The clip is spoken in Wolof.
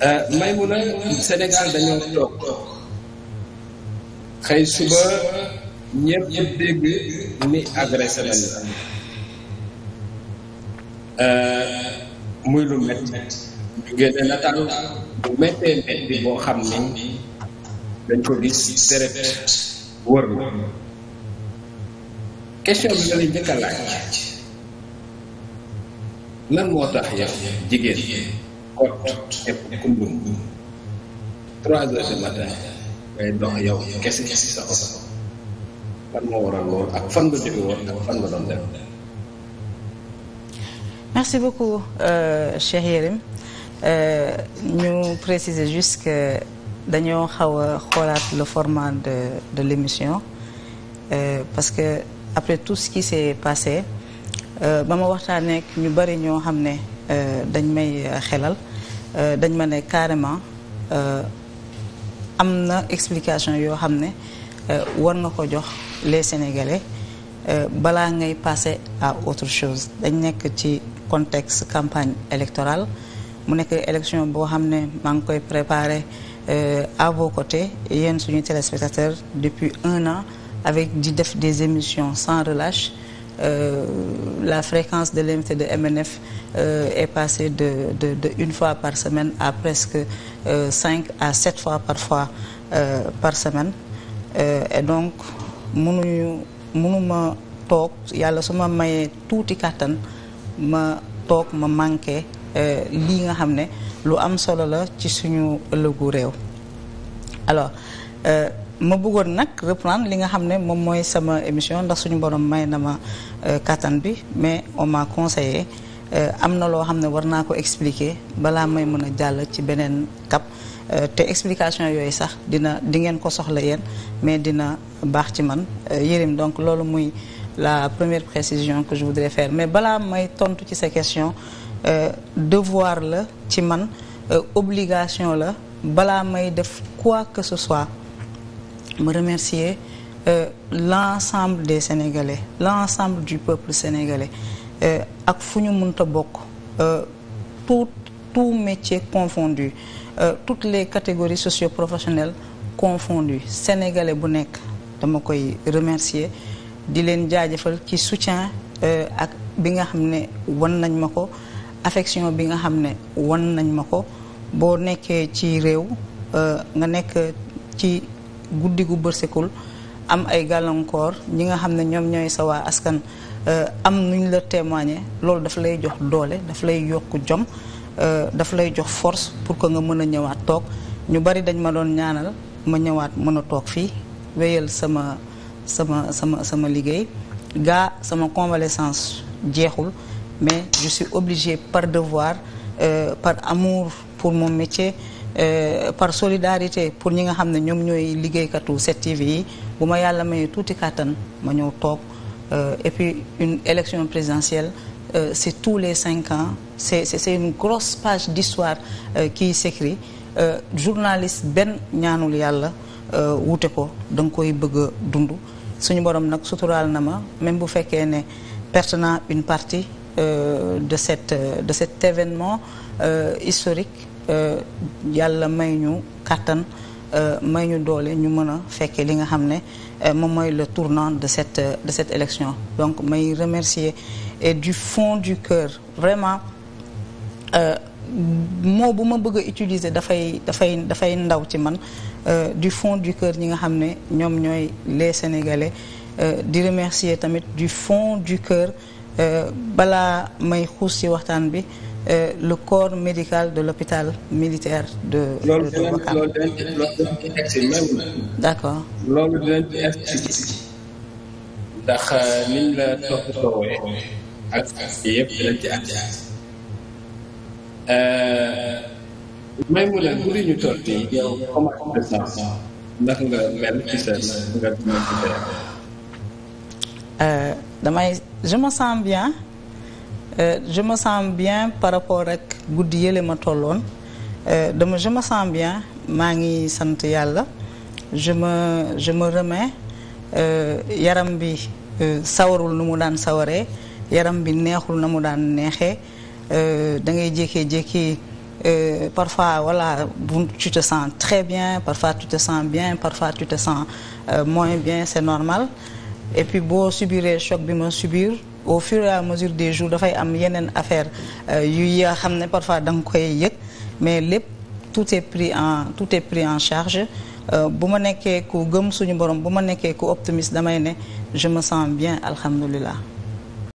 Euh, Maymuna Sénégal dañoo toog xëy suba ñëpp dégg ni agressé nañu euh, muy lu métti ñu génne nataal bu méttee métti boo xam ni dañ ko gis deret wër na question bi nga lay njëkk laaj lan moo tax yow jigéen kott te merci beaucoup euh, Yérim euh, ñu euh, préciser que dañoo xaw a xoolaat le format de de l'émission euh, parce que après tout ce qui s'est passé euh, ba ma waxtaanee ñu bari ñoo xam ne dañ may xelal Euh, dañ ma ne carrément euh, am na explication yoo xam ne euh, war nga ko jox les sénégalais balaa ngay passer à autre chose dañ nekk ci contexte campagne électorale mu nekk élection boo xam ne maa ngi koy préparer à vos côtés yéen suñu téléspectateurs depuis un an avec di def des émissions sans relâche euh, la fréquence de l'invité de MNF euh, est passée de, de, de, une fois par semaine à presque euh, cinq à sept fois par parfois euh, par semaine euh, et donc mënuñu ma toog yàlla su ma mayee tuuti kàttan ma toog ma manqué euh, lii nga xam ne lu am solo la ci suñu ëllëgu réew alors ma buggoon nag reprendre li nga xam ne moom mooy sama émission ndax suñu borom may na ma euh, kattan bi mais on m'a conseillé euh, am na loo xam ne war naa ko expliquer balaa may mën a jàll ci beneen cap euh, te explication yooyu sax dina di ngeen ko soxla yéen mais dina baax ci man Yérim donc loolu muy la première précision que je voudrais fair mais balaa may tontu ci sa question devoir la ci man obligation la balaa may def quoi que ce soit ma remercier euh, l'ensemble des Sénégalais l'ensemble du peuple sénégalais euh, ak fu ñu mënta bokk tout euh, tout métier confondu euh, toutes les catégories socio-professionnelles confondues sénégalais bu nekk dama koy remercier di leen jaajëfal ci soutien ak bi nga xam ne wan nañ ma ko affection bi nga xam ne wan nañ ma ko boo nekkee ci réew nga nekk ci guddi gu bërsekul am ay gàllankoor ñi nga xam ne ñoom ñooy sa waa askan euh, am nuñ la témoigner loolu daf lay jox doole daf lay yokk jom euh, daf lay jox force pour que nga mën a ñëwaat toog ñu bari dañ ma doon ñaanal ma ñëwaat mën a toog fii wéyal sama sama sama sama liggéey gaa sama convalescence jeexul mais je suis obligée par devoir euh, par amour pour mon métier Euh, par solidarité pour ñi nga xam ne ñoom ñooy liggéeykatu 7TV yi bu ma yàlla mayee tuuti kàttan ma ñëw toog euh, et puis une élection présidentielle euh, c'est tous les cinq ans c'est une grosse page d'histoire euh, qui s'écrit euh, journaliste benn ñaanul yàlla euh, wute ko da nga koy bëgg a dund suñu borom nag suturaal na ma même bu fekkee ne pertenant une partie de cette de cet événement historique Euh, yàlla may ñu kàttan euh, may ñu doole ñu mën a fekkee li nga xam ne euh, moom mooy le tournant de cette de cette élection donc may remercier et du fond du cœur vraiment moo bu ma bëgg utiliser dafay dafay dafay ndaw ci man du fond du cœur ñi nga xam ne ñoom ñooy les sénégalais di remercier tamit du fond du cœur balaa may xuus ci waxtaan bi le corps médical de l'hôpital militaire de loolu d'accord loolu dinañ ci ndax euh, niñ la toppatoowee ak yëpp dinañ ci euh, may mu ne guddi ñu toll ndax nga mel ci sa nga dina ci euh, damay je bien Euh, je me sens bien par rapport rek guddi yële ma tolloon euh, dama je me sens bien maa ngi sant yàlla je me je me remets euh, yaram bi sawarul nu mu daan sawaree yaram bi neexul na mu daan neexee da ngay jékkee-jékki Euh, parfois voilà tu te sens très bien parfois tu te sens bien parfois tu te sens euh, bien c'est normal et puis boo subiree choc bi ma subir au fur et à mesure des jour dafay am yeneen affaire euh, yu yaa xam ne parfois da koy yëg mais lépp tout et pris en tout est pris en charge euh, bu ma nekkee ku gëm suñu borom bu ma nekkee ku optimiste damay ne je me sens bien alhamdulilah